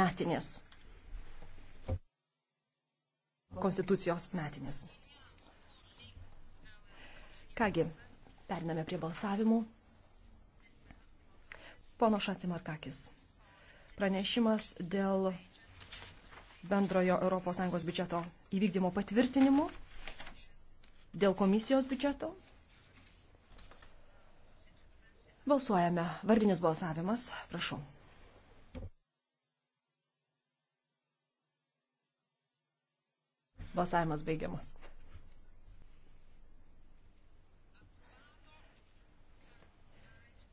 metinės. Konstitucijos metinės. Kągi, periname prie balsavimų. Pono Šacimarkakis. Pranešimas dėl bendrojo ES biudžeto įvykdymo patvirtinimo, dėl komisijos biudžeto. Balsuojame. Vardinis balsavimas. Prašau. Balsavimas baigiamas.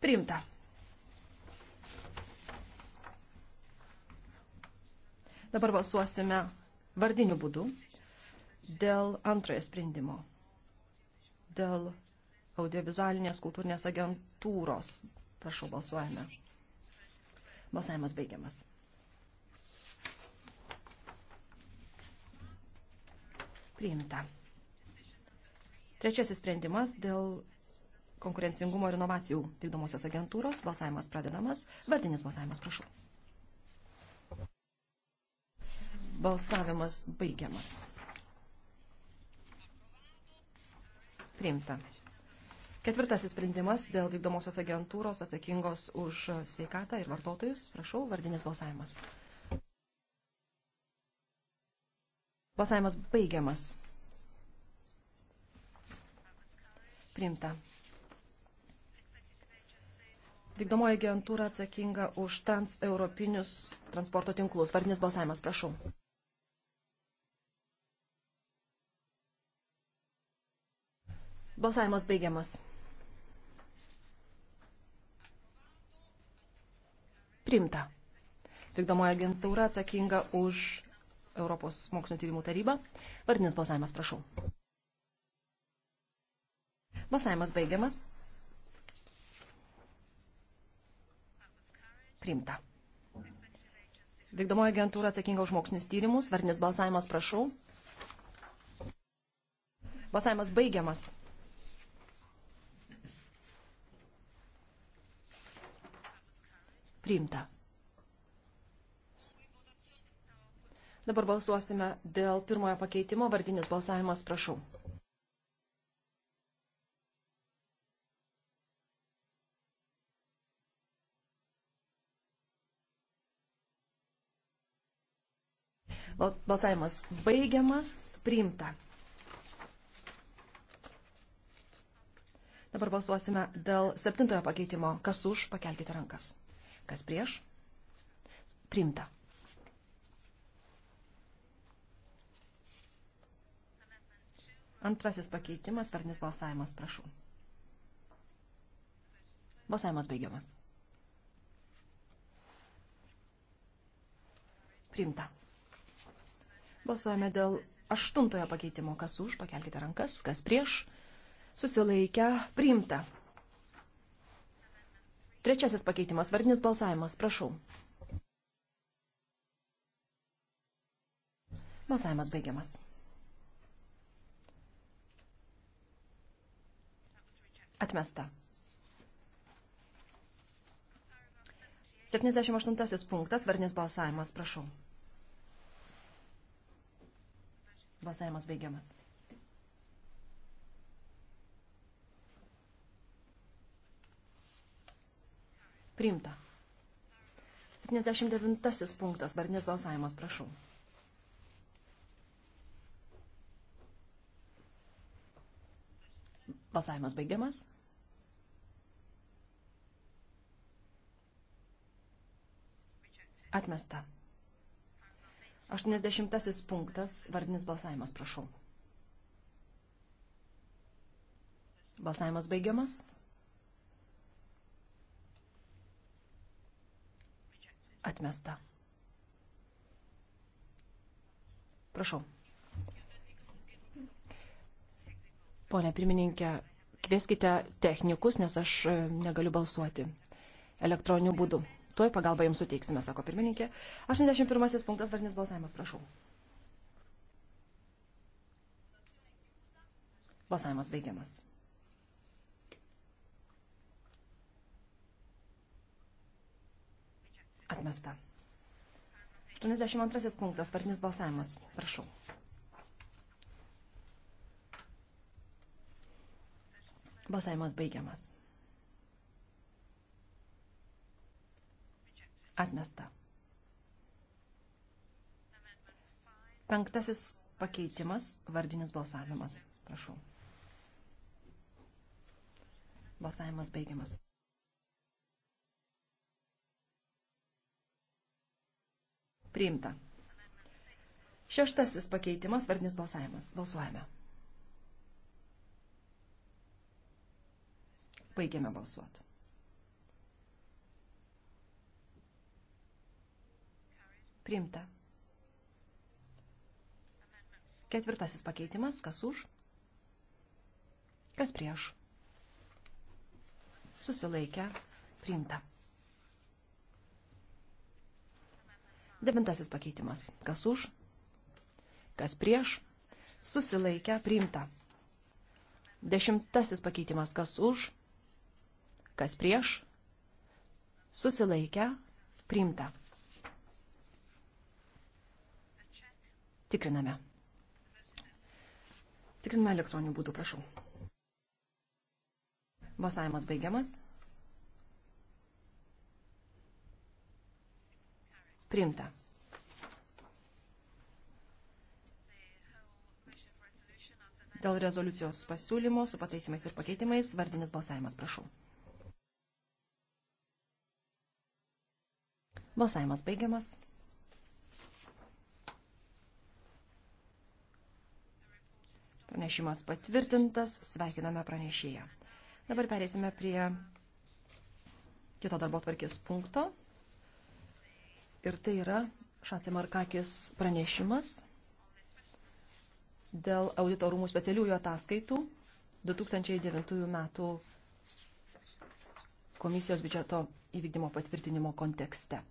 Priimta. Dabar balsuosime vardiniu būdu dėl antrojo sprendimo, dėl audiovizualinės kultūrinės agentūros. Prašau, balsuojame. Balsavimas baigiamas. Priimta. Trečiasis sprendimas dėl konkurencingumo ir inovacijų vykdomosios agentūros. Balsavimas pradedamas. Vardinis balsavimas, prašau. Balsavimas baigiamas. Priimta. Ketvirtasis sprendimas dėl vykdomosios agentūros atsakingos už sveikatą ir vartotojus. Prašau, vardinis balsavimas. Balsavimas baigiamas. Priimta. Vykdomoji agentūra atsakinga už transeuropinius transporto tinklus. Vardinis balsavimas, prašau. Balsavimas baigiamas. Primta. Vykdomoji agentūra atsakinga už Europos mokslinio tyrimų taryba. Vardinis balsavimas, prašau. Balsavimas baigiamas. Priimta. Vykdomoji agentūra atsakinga už mokslinius tyrimus. Vardinis balsavimas, prašau. Balsavimas baigiamas. Priimta. Dabar balsuosime dėl pirmojo pakeitimo. Vardinis balsavimas, prašau. Balsavimas baigiamas, priimta. Dabar balsuosime dėl septintojo pakeitimo. Kas už, pakelkite rankas. Kas prieš? Priimta. Antrasis pakeitimas, vardinis balsavimas, prašau. Balsavimas baigiamas. Priimta. Balsuojame dėl aštuntojo pakeitimo. Kas už, pakelkite rankas, kas prieš. Susilaikę, priimta. Trečiasis pakeitimas, vardinis balsavimas, prašau. Balsavimas baigiamas. Atmesta. 78 punktas, varnės balsavimas, prašau. Balsavimas baigiamas. Priimta. 79 punktas, varnės balsavimas, prašau. Balsavimas baigiamas. Atmesta. 80 punktas, vardinis balsavimas, prašau. Balsavimas baigiamas. Atmesta. Prašau. Pone pirmininkė, kvieskite technikus, nes aš e, negaliu balsuoti elektroniniu būdu. Tuoj pagalbą jums suteiksime, sako pirmininkė. 81 punktas vardinis balsavimas, prašau. Balsavimas baigiamas. Atmesta. 82 punktas vardinis balsavimas, prašau. Balsavimas baigiamas. Atmesta. Penktasis pakeitimas, vardinis balsavimas. Prašau. Balsavimas baigiamas. Priimta. Šeštasis pakeitimas, vardinis balsavimas. Balsuojame. Baigiame balsuoti. Priimta. Ketvirtasis pakeitimas. Kas už? Kas prieš? Susilaikę. Priimta. Devintasis pakeitimas. Kas už? Kas prieš? Susilaikę. Priimta. Dešimtasis pakeitimas. Kas už? Kas prieš? Susilaikę. Priimta. Tikriname. Tikriname elektroniniu būdu, prašau. Balsavimas baigiamas. Priimta. Dėl rezoliucijos pasiūlymo su pataisimais ir pakeitimais vardinis balsavimas, prašau. Balsavimas baigiamas. Pranešimas patvirtintas. Sveikiname pranešėją. Dabar perėsime prie kito darbo tvarkės punkto. Ir tai yra Šacimarkakis pranešimas dėl auditorumų specialiųjų ataskaitų 2009 metų komisijos biudžeto įvykdymo patvirtinimo kontekste.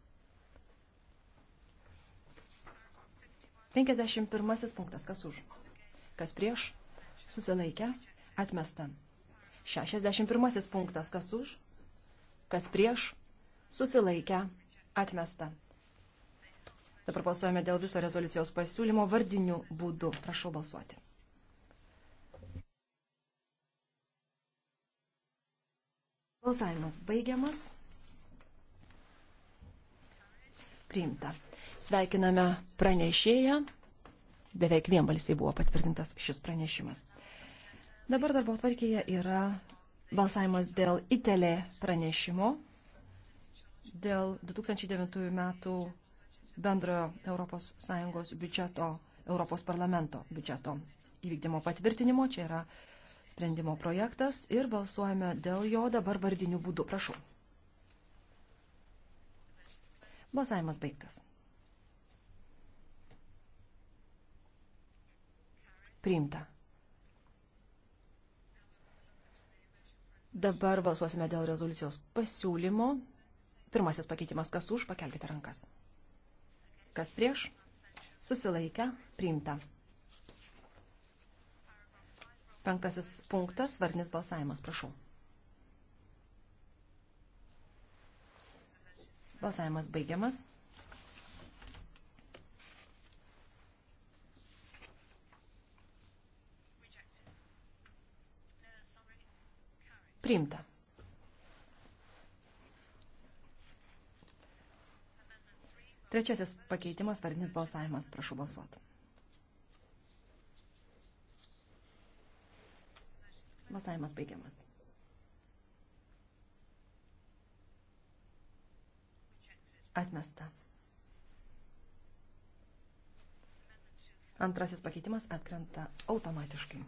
51 punktas, kas už? kas prieš, susilaikę, atmesta. 61 punktas, kas už, kas prieš, susilaikę, atmesta. Dabar balsuojame dėl viso rezoliucijos pasiūlymo vardiniu būdu. Prašau balsuoti. Balsavimas baigiamas. Priimta. Sveikiname pranešėją beveik vienbalsiai buvo patvirtintas šis pranešimas. Dabar darbo tvarkėje yra balsavimas dėl ITELE pranešimo, dėl 2009 metų bendrojo ES biudžeto, Europos parlamento biudžeto įvykdymo patvirtinimo. Čia yra sprendimo projektas ir balsuojame dėl jo dabar vardiniu būdu. Prašau. Balsavimas baigtas. Priimta. Dabar balsuosime dėl rezoliucijos pasiūlymo. Pirmasis pakeitimas, kas už, pakelkite rankas. Kas prieš? Susilaikę, priimta. Penktasis punktas, varnis balsavimas, prašau. Balsavimas baigiamas. Priimta. Trečiasis pakeitimas, vardinis balsavimas. Prašau balsuoti. Balsavimas baigiamas. Atmesta. Antrasis pakeitimas atkrenta automatiškai.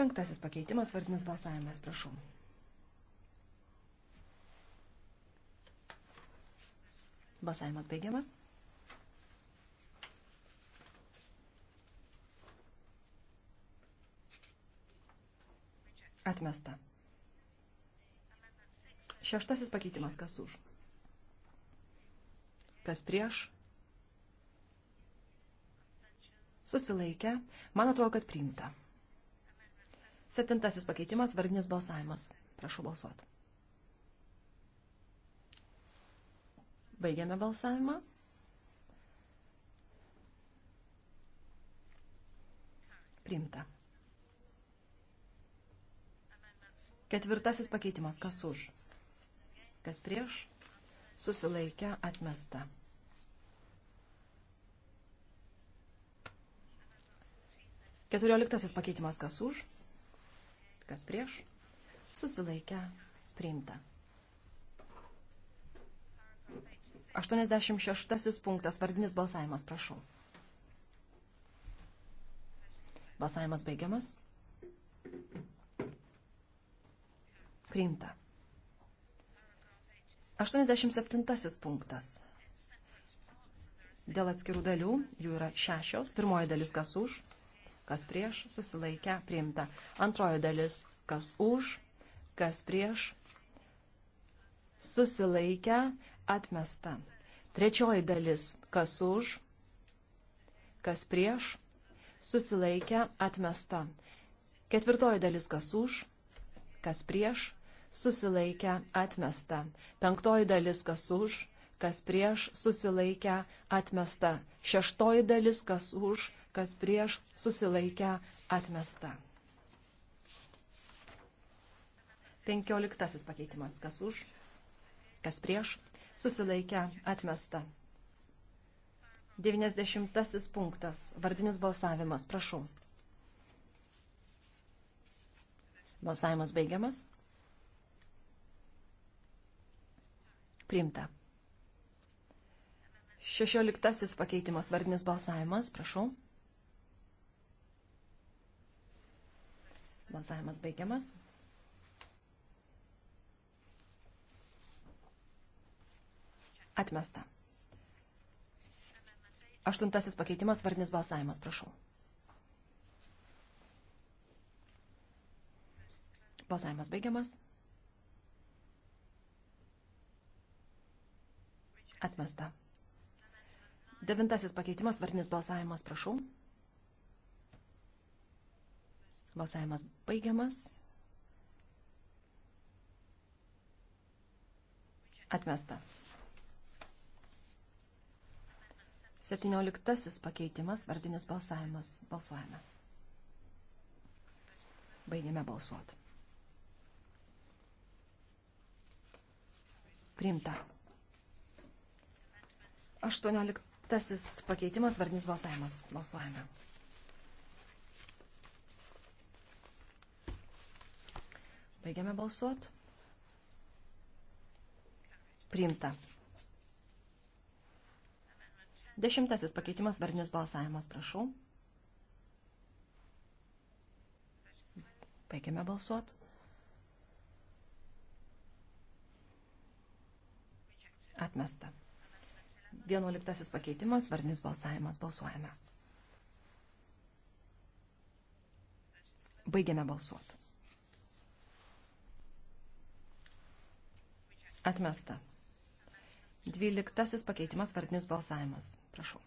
Penktasis pakeitimas, vardinis balsavimas, prašau. Balsavimas baigiamas. Atmesta. Šeštasis pakeitimas, kas už. Kas prieš. Susilaikę. Man atrodo, kad priimta. Septintasis pakeitimas, vardinis balsavimas. Prašau balsuoti. Baigiame balsavimą. Priimta. Ketvirtasis pakeitimas, kas už? Kas prieš? Susilaikę atmesta. Keturioliktasis pakeitimas, kas už? kas prieš, susilaikę, priimta. 86 punktas, vardinis balsavimas, prašau. Balsavimas baigiamas. Priimta. 87 punktas. Dėl atskirų dalių, jų yra šešios. Pirmoji dalis kas už, kas prieš, susilaikę, priimta. Antroji dalis, kas už, kas prieš, susilaikę, atmesta. Trečioji dalis, kas už, kas prieš, susilaikę, atmesta. Ketvirtoji dalis, kas už, kas prieš, susilaikę, atmesta. Penktoji dalis, kas už, kas prieš, susilaikę, atmesta. Šeštoji dalis, kas už, kas prieš susilaikę atmesta. Penkioliktasis pakeitimas, kas už, kas prieš susilaikę atmesta. Devyniasdešimtasis punktas, vardinis balsavimas, prašau. Balsavimas baigiamas. Priimta. Šešioliktasis pakeitimas vardinis balsavimas, prašau. Balsavimas baigiamas. Atmesta. Aštuntasis pakeitimas, vardinis balsavimas, prašau. Balsavimas baigiamas. Atmesta. Devintasis pakeitimas, vardinis balsavimas, prašau. Balsavimas baigiamas. Atmesta. 17 pakeitimas, vardinis balsavimas. Balsuojame. Baigėme balsuoti. Priimta. 18 pakeitimas, vardinis balsavimas. Balsuojame. Baigiame balsuot. Priimta. Dešimtasis pakeitimas vardinis balsavimas, prašau. Baigiame balsuot. Atmesta. Vienuoliktasis pakeitimas vardinis balsavimas, balsuojame. Baigiame balsuot. Atmesta. Dvyliktasis pakeitimas vardinis balsavimas. Prašau.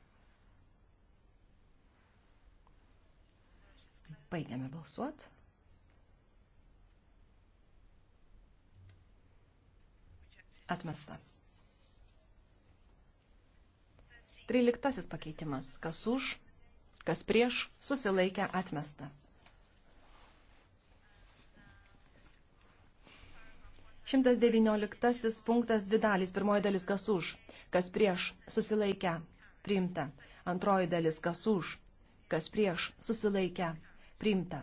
Baigiame balsuot. Atmesta. Tryliktasis pakeitimas. Kas už, kas prieš, susilaikę atmesta. 119 punktas dvi dalys. Pirmoji dalis kas už, kas prieš, susilaikę, priimta. Antroji dalis kas už, kas prieš, susilaikę, priimta.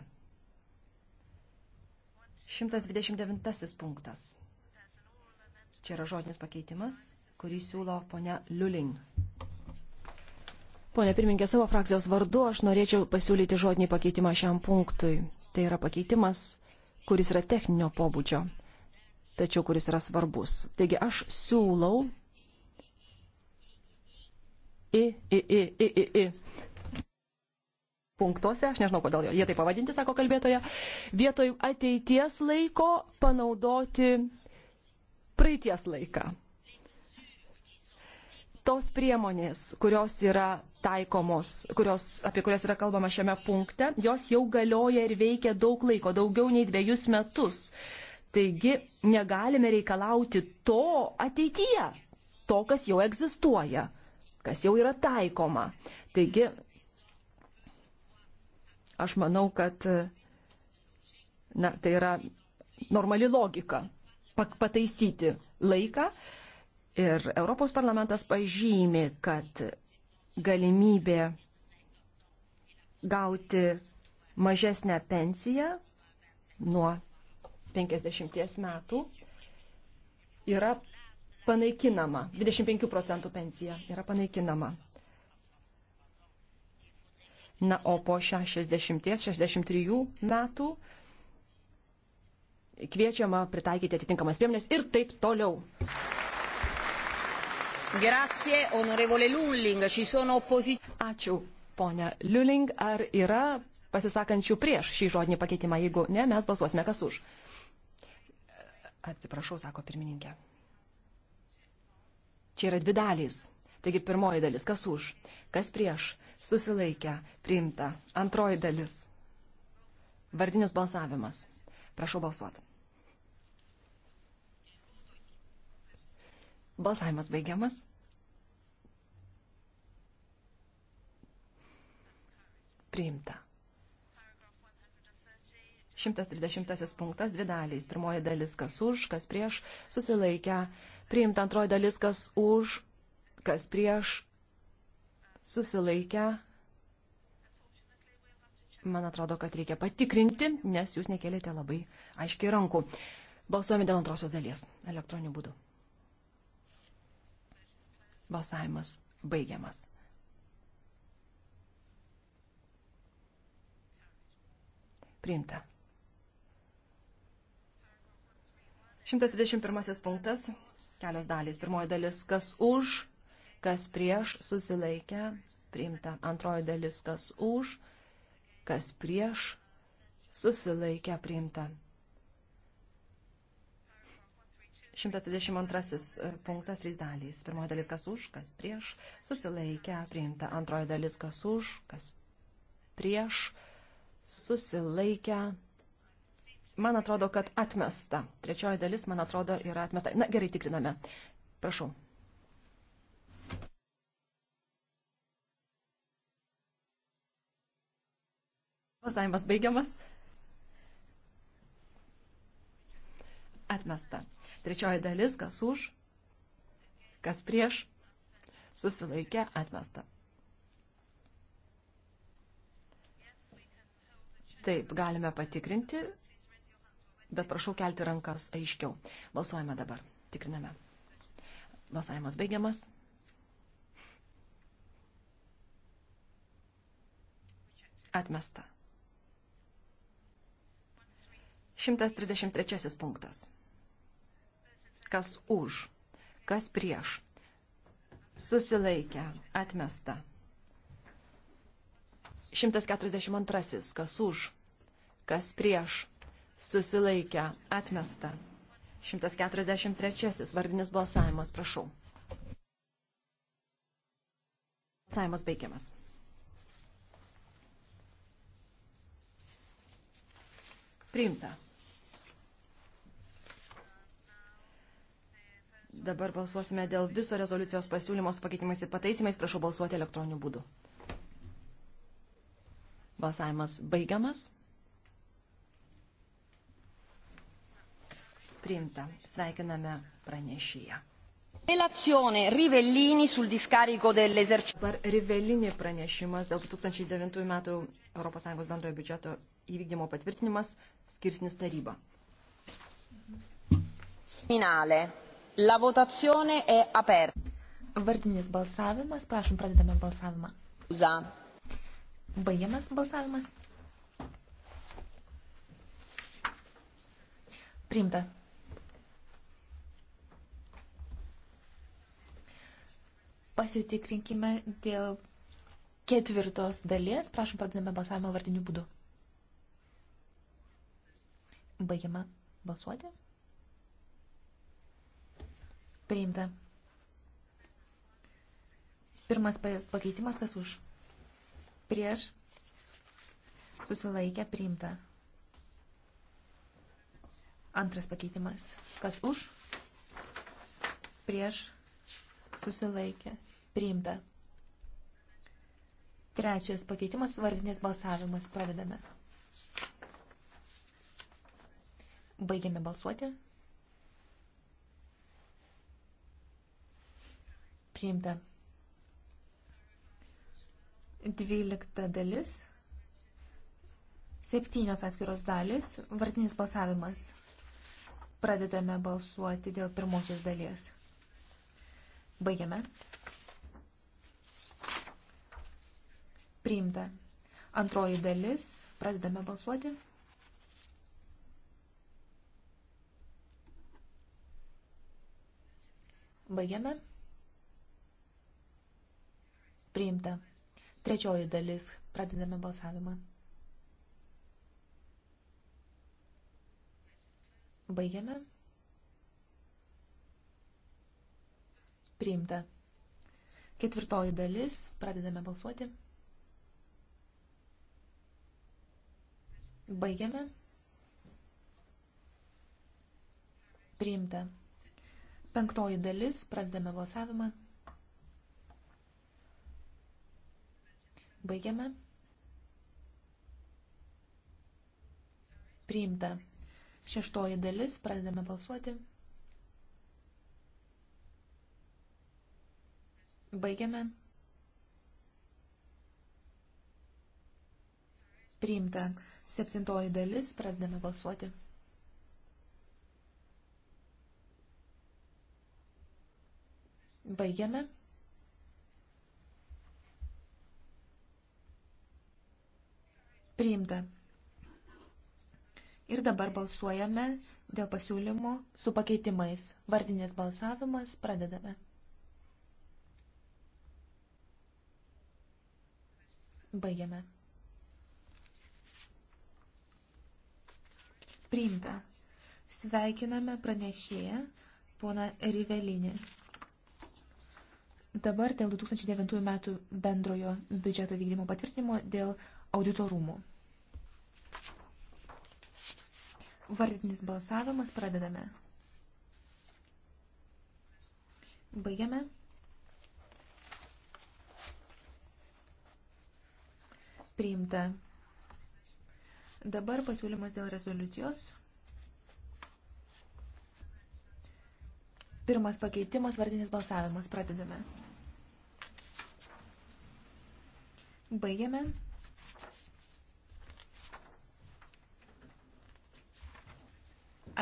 129 punktas. Čia yra žodinis pakeitimas, kurį siūlo ponia Liulin. Pone pirmininkė, savo frakcijos vardu aš norėčiau pasiūlyti žodinį pakeitimą šiam punktui. Tai yra pakeitimas, kuris yra techninio pobūdžio tačiau kuris yra svarbus. Taigi aš siūlau i, i, i, i, i, i. Punktuose, aš nežinau, kodėl jie tai pavadinti, sako kalbėtoja, vietoj ateities laiko panaudoti praeities laiką. Tos priemonės, kurios yra taikomos, kurios, apie kurias yra kalbama šiame punkte, jos jau galioja ir veikia daug laiko, daugiau nei dviejus metus. Taigi negalime reikalauti to ateityje, to, kas jau egzistuoja, kas jau yra taikoma. Taigi aš manau, kad na, tai yra normali logika pataisyti laiką. Ir Europos parlamentas pažymi, kad galimybė gauti mažesnę pensiją nuo 50 metų yra panaikinama, 25 procentų pensija yra panaikinama. Na, o po 60-63 metų kviečiama pritaikyti atitinkamas priemonės ir taip toliau. Grazie, onorevole Lulling, ci sono opposizioni. Ačiū, ponia Lulling, ar yra pasisakančių prieš šį žodinį pakeitimą? Jeigu ne, mes balsuosime kas už. Atsiprašau, sako pirmininkė. Čia yra dvi dalys. Taigi pirmoji dalis, kas už, kas prieš, susilaikę, priimta. Antroji dalis. Vardinis balsavimas. Prašau balsuoti. Balsavimas baigiamas. Priimta. 130 punktas, dvi dalys. Pirmoji dalis, kas už, kas prieš, susilaikę. Priimta antroji dalis, kas už, kas prieš, susilaikę. Man atrodo, kad reikia patikrinti, nes jūs nekelėte labai aiškiai rankų. Balsuojame dėl antrosios dalies elektroniniu būdu. Balsavimas baigiamas. priimta. 121 punktas, kelios dalys. Pirmoji dalis, kas už, kas prieš susilaikę, priimta. Antroji dalis, kas už, kas prieš susilaikę, priimta. 122 e, punktas, 3 dalys. Pirmoji dalis, kas už, kas prieš susilaikę, priimta. Antroji dalis, kas už, kas prieš susilaikę, priimta man atrodo, kad atmesta. Trečioji dalis, man atrodo, yra atmesta. Na, gerai, tikriname. Prašau. Balsavimas baigiamas. Atmesta. Trečioji dalis, kas už, kas prieš, susilaikė, atmesta. Taip, galime patikrinti bet prašau kelti rankas aiškiau. Balsuojame dabar. Tikriname. Balsavimas baigiamas. Atmesta. 133 punktas. Kas už, kas prieš. Susilaikę, atmesta. 142. Kas už, kas prieš susilaikę, atmesta. 143. Vardinis balsavimas, prašau. Balsavimas baigiamas. Priimta. Dabar balsuosime dėl viso rezoliucijos pasiūlymos pakeitimais ir pataisimais. Prašau balsuoti elektroniniu būdu. Balsavimas baigiamas. priimta. Sveikiname pranešyje. Relazione Rivellini sul discarico dell'esercito. Dabar Rivellini pranešimas dėl 2009 metų ES bendrojo biudžeto įvykdymo patvirtinimas skirsnis taryba. Minale. La votazione è aperta. Vardinis balsavimas. Prašom, pradedame balsavimą. Uza. Baigiamas balsavimas. Priimta. Pasitikrinkime dėl ketvirtos dalies. Prašom, pradedame balsavimą vardiniu būdu. Baigiama balsuoti. Priimta. Pirmas pakeitimas, kas už? Prieš. Susilaikę, priimta. Antras pakeitimas. Kas už? Prieš susilaikė, priimta. Trečias pakeitimas, vardinės balsavimas, pradedame. Baigiame balsuoti. Priimta. Dvylikta dalis. Septynios atskiros dalis. Vartinis balsavimas. Pradedame balsuoti dėl pirmosios dalies. Baigiame. Priimta. Antroji dalis. Pradedame balsuoti. Baigiame. Priimta. Trečioji dalis. Pradedame balsavimą. Baigiame. Priimta. Ketvirtoji dalis. Pradedame balsuoti. Baigiame. Priimta. Penktoji dalis. Pradedame balsavimą. Baigiame. Priimta. Šeštoji dalis. Pradedame balsuoti. Baigiame. Priimta. Septintoji dalis. Pradedame balsuoti. Baigiame. Priimta. Ir dabar balsuojame dėl pasiūlymų su pakeitimais. Vardinės balsavimas pradedame. Baigiame. Priimta. Sveikiname pranešėją, pona Rivelinį. Dabar dėl 2009 metų bendrojo biudžeto vykdymo patvirtinimo dėl auditorumų. Vardinis balsavimas pradedame. Baigiame. Priimta. Dabar pasiūlymas dėl rezoliucijos. Pirmas pakeitimas, vardinis balsavimas. Pradedame. Baigiame.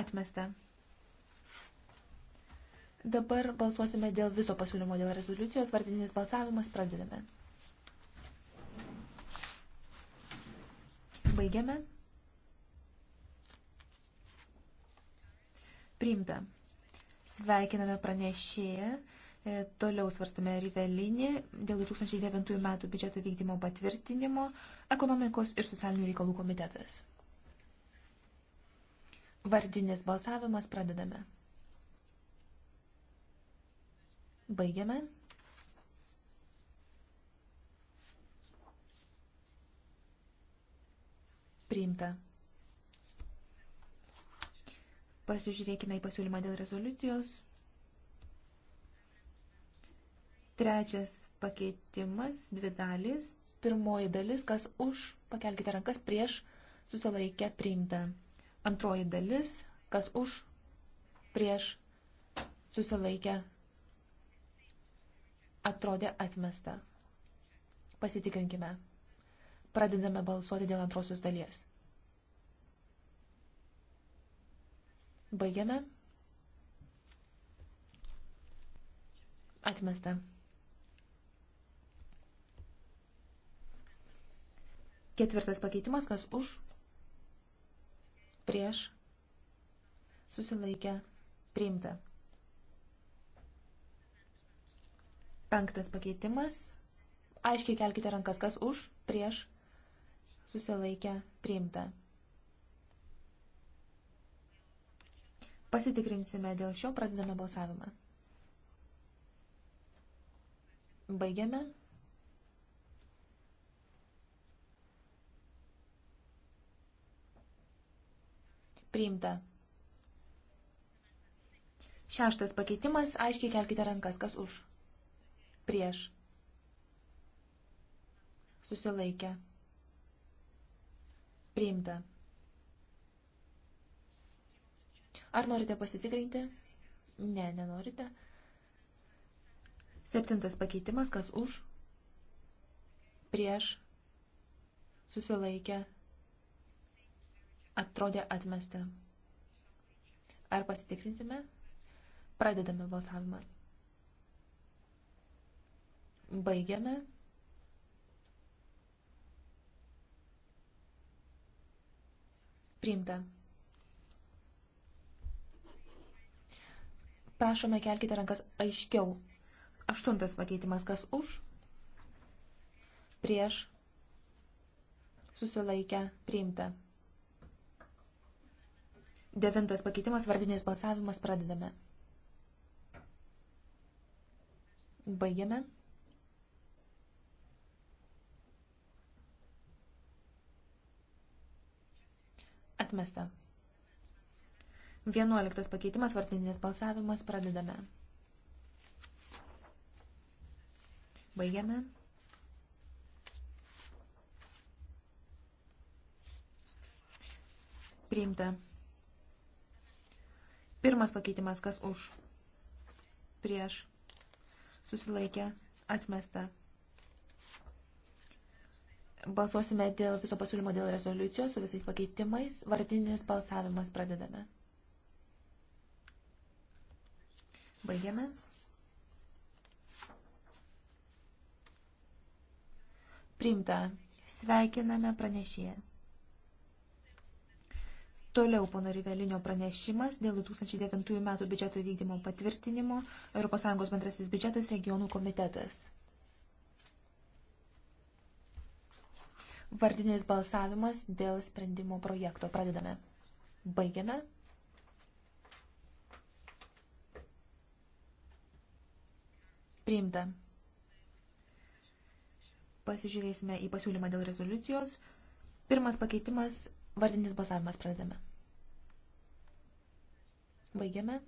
Atmesta. Dabar balsuosime dėl viso pasiūlymo dėl rezoliucijos. Vardinis balsavimas. Pradedame. Baigiame. Priimta. Sveikiname pranešėją. E, toliau svarstame Rivelinį dėl 2009 metų biudžeto vykdymo patvirtinimo ekonomikos ir socialinių reikalų komitetas. Vardinis balsavimas pradedame. Baigiame. Priimta. Pasižiūrėkime į pasiūlymą dėl rezoliucijos. Trečias pakeitimas, dvi dalis. Pirmoji dalis, kas už, pakelkite rankas prieš, susilaikę priimta. Antroji dalis, kas už, prieš, susilaikę, atrodė atmesta. Pasitikrinkime. Pradedame balsuoti dėl antrosios dalies. Baigiame. Atmesta. Ketvirtas pakeitimas, kas už, prieš, susilaikę, priimta. Penktas pakeitimas. Aiškiai kelkite rankas, kas už, prieš, susilaikę priimta. Pasitikrinsime dėl šio, pradedame balsavimą. Baigiame. Priimta. Šeštas pakeitimas, aiškiai kelkite rankas, kas už. Prieš. Susilaikę. Priimta. Ar norite pasitikrinti? Ne, nenorite. Septintas pakeitimas, kas už, prieš, susilaikę, atrodė atmesta. Ar pasitikrinsime? Pradedame balsavimą. Baigiame. priimta. Prašome, kelkite rankas aiškiau. Aštuntas pakeitimas, kas už, prieš, susilaikę, priimta. Devintas pakeitimas, vardinės balsavimas, pradedame. Baigiame. Atmesta. Vienuoliktas pakeitimas, vartinis balsavimas, pradedame. Baigiame. Priimta. Pirmas pakeitimas, kas už, prieš, susilaikė, atmesta. Balsuosime dėl viso pasiūlymo dėl rezoliucijos su visais pakeitimais. Vardinis balsavimas pradedame. Baigiame. Priimta. Sveikiname pranešėją. Toliau pono Rivelinio pranešimas dėl 2009 metų biudžeto vykdymo patvirtinimo ES bendrasis biudžetas regionų komitetas. Vardinis balsavimas dėl sprendimo projekto. Pradedame. Baigiame. Priimta. Pasižiūrėsime į pasiūlymą dėl rezoliucijos. Pirmas pakeitimas – vardinis balsavimas pradedame. Baigiame.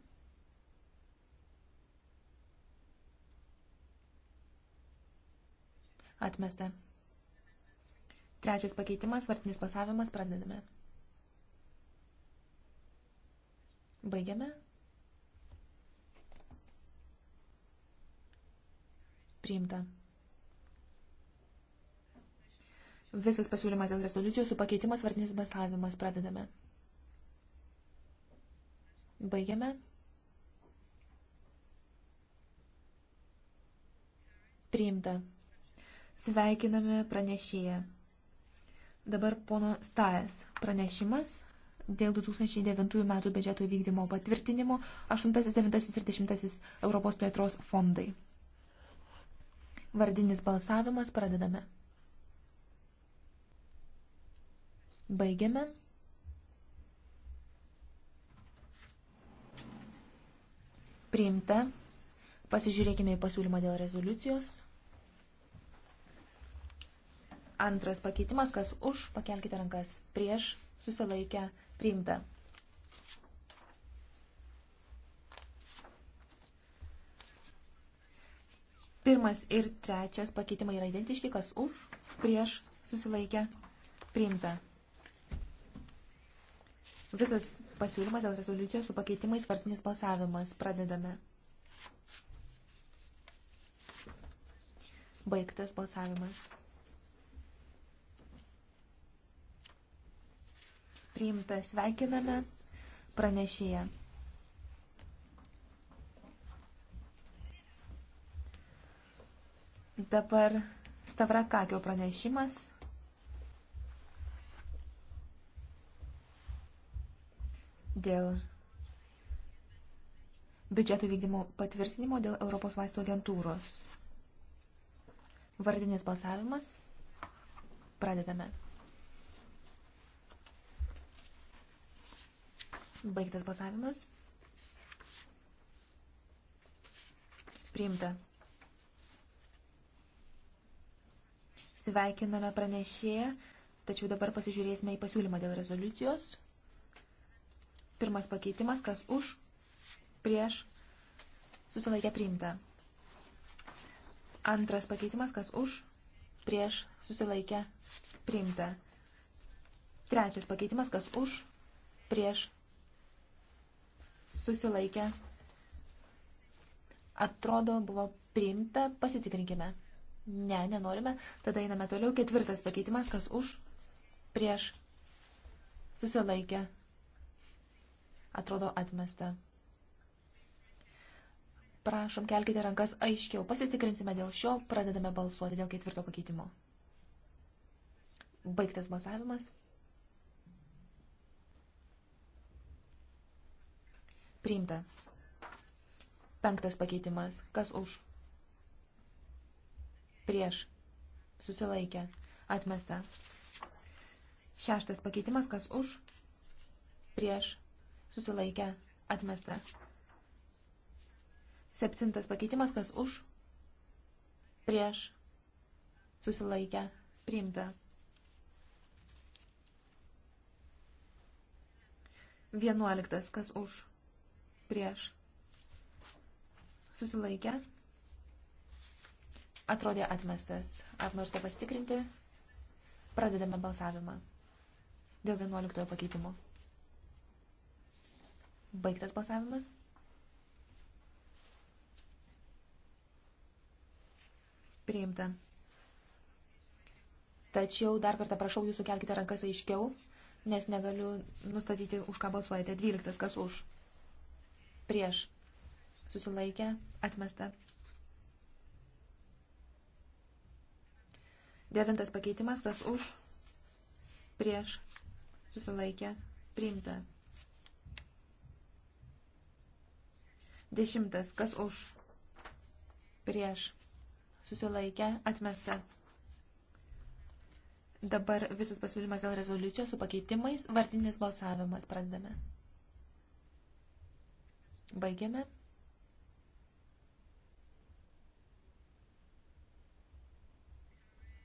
Atmesta. Trečias pakeitimas, vartinis balsavimas, pradedame. Baigiame. Priimta. Visas pasiūlymas dėl rezoliucijų su pakeitimas vardinis balsavimas. Pradedame. Baigiame. Priimta. Sveikiname pranešėją. Dabar pono Stajas pranešimas dėl 2009 metų biudžeto vykdymo patvirtinimo 8, 9 ir 10 Europos plėtros fondai. Vardinis balsavimas pradedame. Baigiame. Priimta. Pasižiūrėkime į pasiūlymą dėl rezoliucijos. Antras pakeitimas, kas už, pakelkite rankas. Prieš, susilaikę, priimta. Pirmas ir trečias pakeitimai yra identiški, kas už, prieš, susilaikę, priimta. Visas pasiūlymas dėl rezoliucijos su pakeitimais svartinis balsavimas. Pradedame. Baigtas balsavimas. priimta. Sveikiname pranešėją. Dabar Stavrakakio pranešimas. Dėl biudžeto vykdymo patvirtinimo dėl Europos vaistų agentūros. Vardinis balsavimas. Pradedame. Baigtas balsavimas. Priimta. Sveikiname pranešėją, tačiau dabar pasižiūrėsime į pasiūlymą dėl rezoliucijos. Pirmas pakeitimas, kas už, prieš, susilaikė priimta. Antras pakeitimas, kas už, prieš, susilaikė priimta. Trečias pakeitimas, kas už, prieš, susilaikė. Atrodo, buvo priimta, pasitikrinkime. Ne, nenorime. Tada einame toliau. Ketvirtas pakeitimas, kas už, prieš, susilaikė. Atrodo, atmesta. Prašom, kelkite rankas aiškiau. Pasitikrinsime dėl šio, pradedame balsuoti dėl ketvirto pakeitimo. Baigtas balsavimas. Priimta. Penktas pakeitimas. Kas už? Prieš. Susilaikė. Atmesta. Šeštas pakeitimas. Kas už? Prieš. Susilaikė. Atmesta. Septintas pakeitimas. Kas už? Prieš. Susilaikė. Priimta. Vienuoliktas. Kas už? prieš susilaikę. Atrodė atmestas. Ar norite pasitikrinti? Pradedame balsavimą. Dėl 11 pakeitimo. Baigtas balsavimas. Priimta. Tačiau dar kartą prašau jūsų kelkite rankas aiškiau, nes negaliu nustatyti, už ką balsuojate. 12. Kas už? prieš susilaikę atmesta. Devintas pakeitimas, kas už, prieš, susilaikė, priimta. Dešimtas, kas už, prieš, susilaikė, atmesta. Dabar visas pasiūlymas dėl rezoliucijos su pakeitimais, vartinis balsavimas pradedame. Baigiame.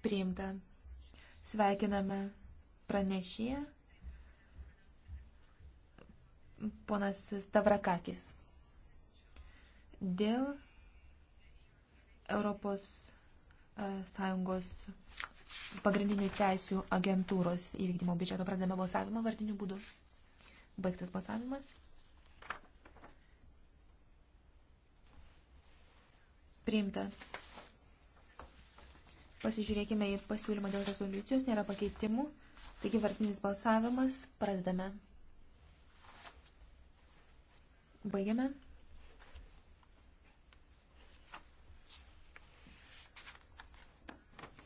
Priimta. Sveikiname pranešėją. Ponas Stavrakakis. Dėl Europos e, Sąjungos pagrindinių teisių agentūros įvykdymo biudžeto pradėme balsavimą vardiniu būdu. Baigtas balsavimas. Priimta. Pasižiūrėkime į pasiūlymą dėl rezoliucijos, nėra pakeitimų. Taigi vartinis balsavimas, pradedame. Baigiame.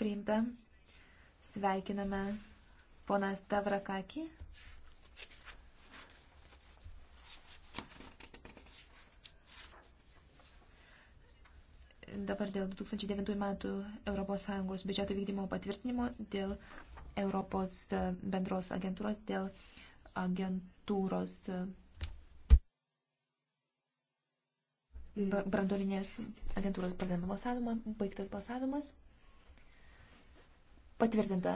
Priimta. Sveikiname poną Stavrakakį. dabar dėl 2009 metų ES biudžeto vykdymo patvirtinimo, dėl Europos e, bendros agentūros, dėl agentūros e, brandolinės agentūros pradėjome balsavimą, baigtas balsavimas. Patvirtinta.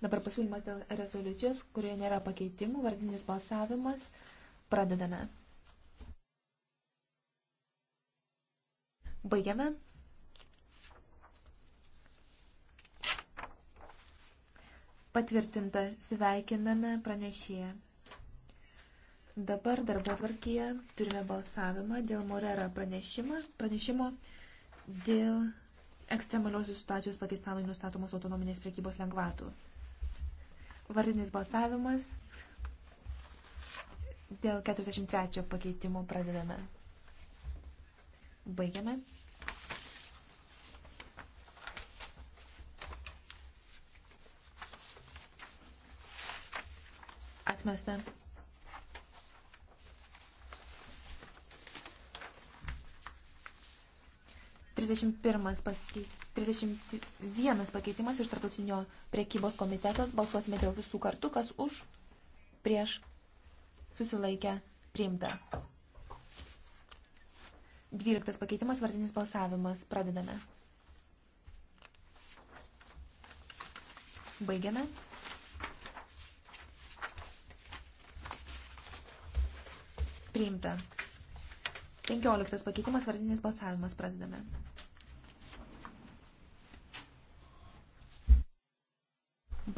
Dabar pasiūlymas dėl rezoliucijos, kurioje nėra pakeitimų, vardinis balsavimas. Pradedame. Baigiame. Patvirtinta, sveikiname pranešėją. Dabar darbo tvarkyje turime balsavimą dėl Morera pranešimo, pranešimo dėl ekstremaliosios situacijos Pakistanui nustatomos autonominės priekybos lengvatų. Vardinis balsavimas dėl 43 pakeitimo pradedame. Baigiame. Atmesta. Trisdešimt pirmas pakeitimas. 31 pakeitimas iš tarptautinio priekybos komiteto. Balsuosime dėl visų kartų, kas už, prieš, susilaikę, priimta. 12 pakeitimas, vardinis balsavimas. Pradedame. Baigiame. Priimta. 15 pakeitimas vardinis balsavimas. Pradedame.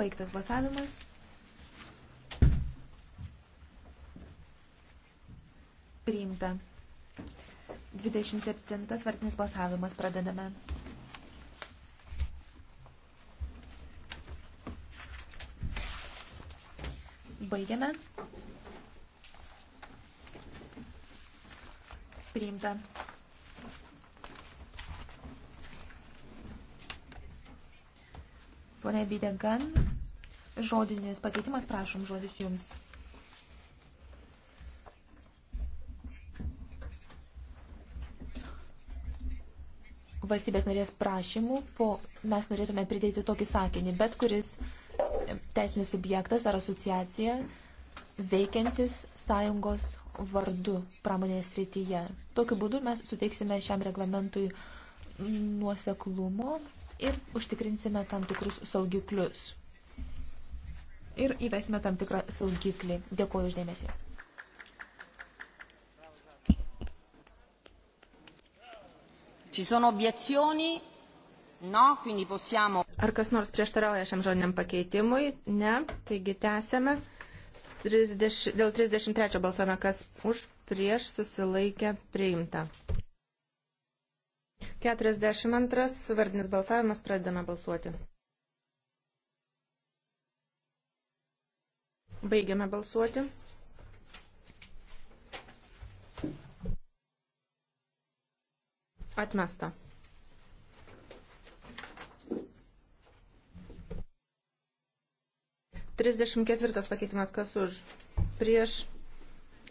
Baigtas balsavimas. Priimta. 27 vartinis balsavimas pradedame. Baigiame. priimta. Pone Bidegan, žodinis pakeitimas, prašom, žodis jums. valstybės narės prašymų, po, mes norėtume pridėti tokį sakinį, bet kuris teisinis subjektas ar asociacija veikiantis sąjungos vardu pramonės srityje. Tokiu būdu mes suteiksime šiam reglamentui nuoseklumo ir užtikrinsime tam tikrus saugiklius. Ir įvesime tam tikrą saugiklį. Dėkuoju uždėmesi. Ci sono obiezioni? No, quindi possiamo. Ar kas nors prieštarauja šiam žodiniam pakeitimui? Ne, taigi tęsėme. 30, dėl 33 balsuojame, kas už prieš susilaikę priimta. 42 vardinis balsavimas, pradedame balsuoti. Baigiame balsuoti. Atmesta. 34 pakeitimas kas už. Prieš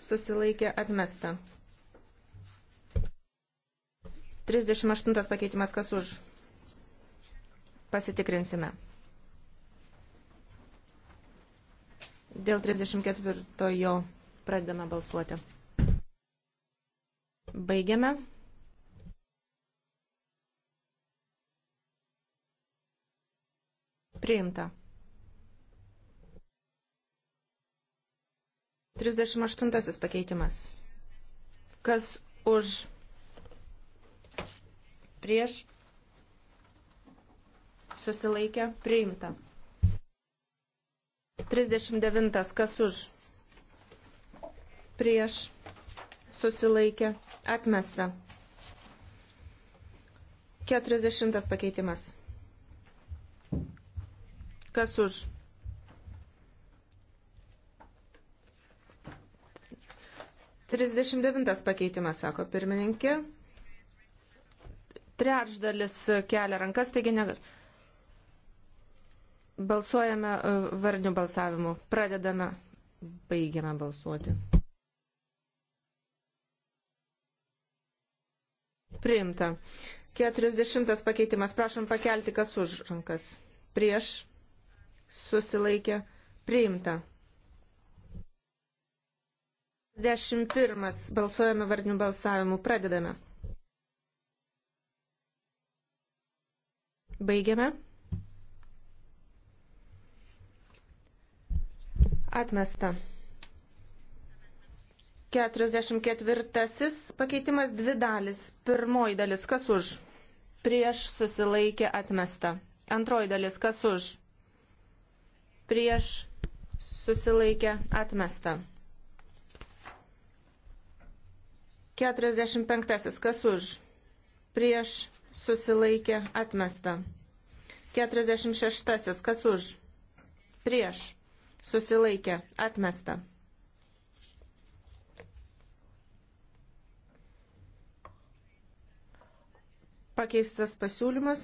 susilaikė atmesta. 38 pakeitimas kas už. Pasitikrinsime. Dėl 34 pradedame balsuoti. Baigiame. Priimta. 38 pakeitimas. Kas už prieš susilaikę priimta. 39. Kas už prieš susilaikę atmesta. 40. pakeitimas. Kas už 39 pakeitimas, sako pirmininkė. Trečdalis kelia rankas, taigi negal. Balsuojame e, vardiniu balsavimu. Pradedame. Baigiame balsuoti. Priimta. 40 pakeitimas. Prašom pakelti, kas už rankas. Prieš. Susilaikė. Priimta. 41. Balsuojame vardinių balsavimų. Pradedame. Baigiame. Atmesta. 44. Pakeitimas dvi dalis. Pirmoji dalis kas už? Prieš susilaikė atmesta. Antroji dalis kas už? Prieš susilaikė atmesta. 45. Kas už? Prieš susilaikė atmesta. 46. Kas už? Prieš susilaikė atmesta. Pakeistas pasiūlymas.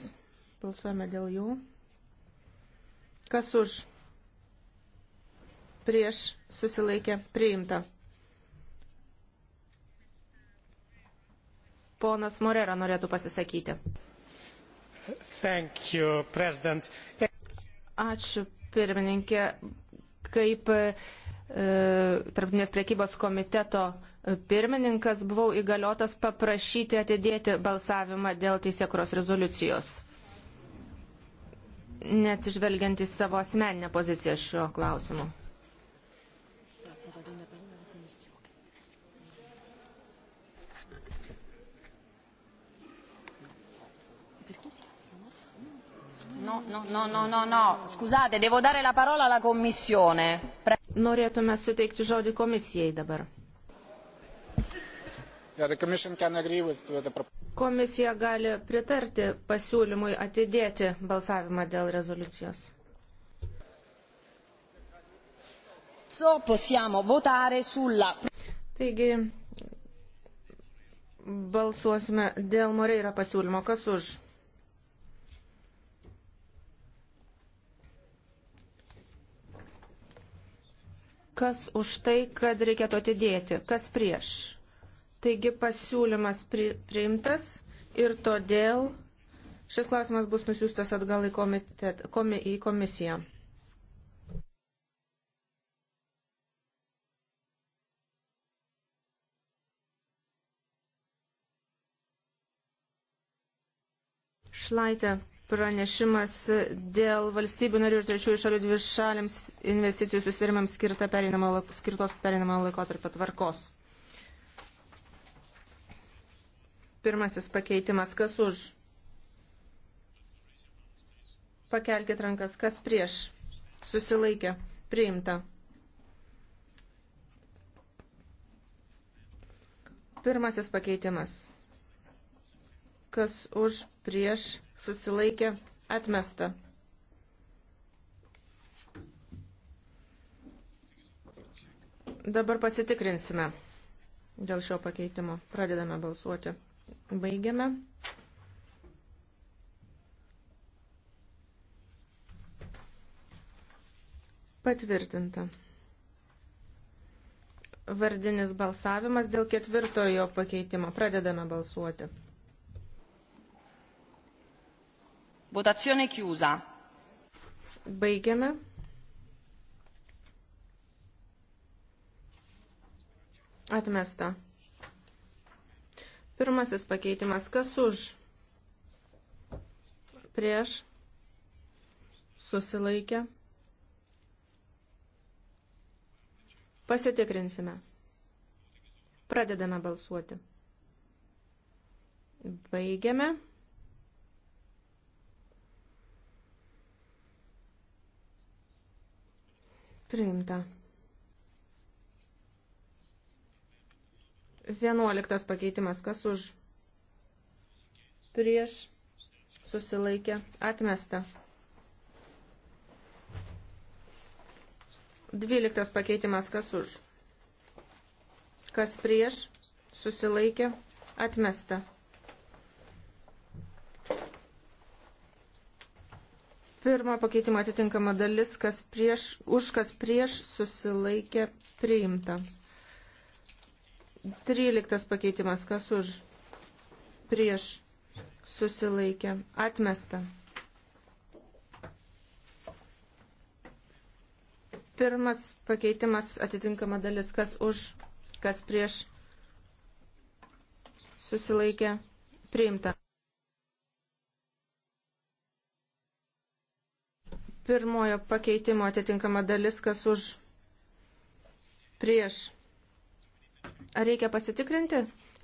Balsuojame dėl jų. Kas už? Prieš susilaikė priimta. Ponas Morera norėtų pasisakyti. Thank you, President. Ačiū, pirmininkė. Kaip e, Tarptautinės priekybos komiteto pirmininkas buvau įgaliotas paprašyti atidėti balsavimą dėl teisėkuros rezoliucijos, neatsižvelgiant į savo asmeninę poziciją šiuo klausimu. No, no, no, no, no, no. Scusate, devo dare la parola alla Commissione. Pre... Norėtume suteikti žodį komisijai dabar. Komisija gali pritarti pasiūlymui atidėti balsavimą dėl rezoliucijos. Taigi balsuosime dėl Moreira pasiūlymo. Kas už? Kas už tai, kad reikėtų atidėti? Kas prieš? Taigi pasiūlymas pri, priimtas ir todėl šis klausimas bus nusiųstas atgal į, komitet, komi, į komisiją. Šlaitė pranešimas dėl valstybių narių ir trečiųjų šalių dvišaliams investicijų susirimams skirta perinamo, skirtos perinamo laikotarpio tvarkos. Pirmasis pakeitimas. Kas už? Pakelkit rankas. Kas prieš? Susilaikė. Priimta. Pirmasis pakeitimas. Kas už prieš susilaikė, atmesta. Dabar pasitikrinsime dėl šio pakeitimo. Pradedame balsuoti. Baigiame. Patvirtinta. Vardinis balsavimas dėl ketvirtojo pakeitimo. Pradedame balsuoti. Votazione chiusa. Baigiame. Atmesta. Pirmasis pakeitimas. Kas už? Prieš. Susilaikė. Pasitikrinsime. Pradedame balsuoti. Baigiame. Priimta. 11 pakeitimas. Kas už? Prieš. Susilaikė. Atmesta. 12 pakeitimas. Kas už? Kas prieš? Susilaikė. Atmesta. Pirmo pakeitimo atitinkama dalis, kas prieš, už kas prieš susilaikė priimta. Tryliktas pakeitimas, kas už prieš susilaikė atmesta. Pirmas pakeitimas atitinkama dalis, kas už, kas prieš susilaikė priimta. pirmojo pakeitimo atitinkama dalis, kas už prieš. Ar reikia pasitikrinti?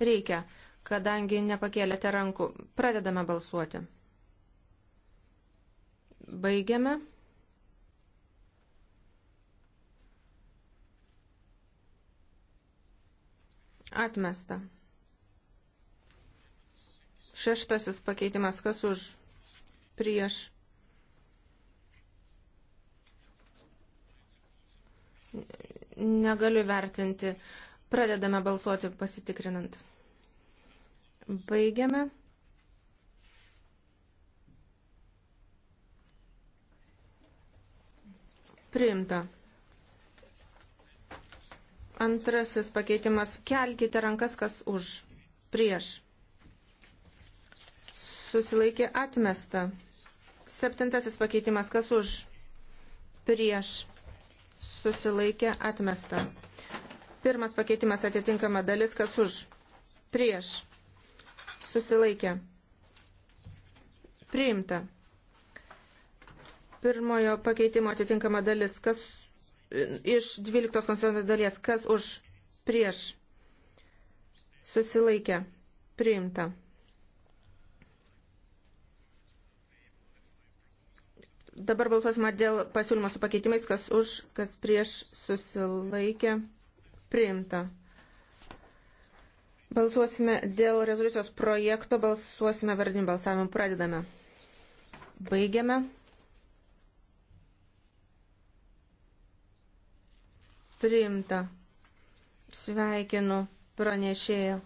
Reikia, kadangi nepakėlėte rankų. Pradedame balsuoti. Baigiame. Atmesta. Šeštasis pakeitimas, kas už prieš Negaliu vertinti. Pradedame balsuoti pasitikrinant. Baigiame. Priimta. Antrasis pakeitimas. Kelkite rankas, kas už. Prieš. Susilaikė atmesta. Septintasis pakeitimas. Kas už? Prieš susilaikė atmesta. Pirmas pakeitimas atitinkama dalis, kas už, prieš, susilaikė, priimta. Pirmojo pakeitimo atitinkama dalis, kas iš 12 konstitucijos dalies, kas už, prieš, susilaikė, priimta. Dabar balsuosime dėl pasiūlymo su pakeitimais, kas už, kas prieš susilaikė priimta. Balsuosime dėl rezoliucijos projekto, balsuosime vardinį balsavimą, pradedame. Baigiame. Priimta. Sveikinu pranešėją.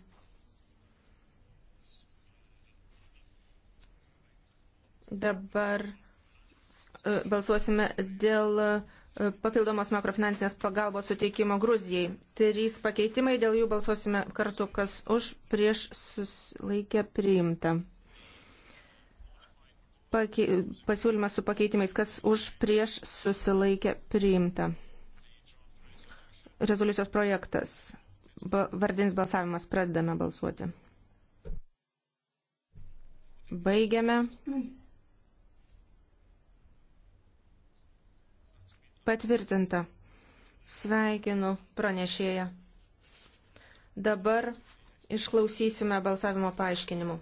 Dabar E, balsuosime dėl e, papildomos makrofinansinės pagalbos suteikimo Gruzijai. Trys pakeitimai, dėl jų balsuosime kartu, kas už prieš susilaikę priimta. Pake, pasiūlymas su pakeitimais, kas už prieš susilaikę priimta. Rezoliucijos projektas. Ba, vardins balsavimas, pradedame balsuoti. Baigiame. Mm. Patvirtinta. Sveikinu pranešėją. Dabar išklausysime balsavimo paaiškinimų.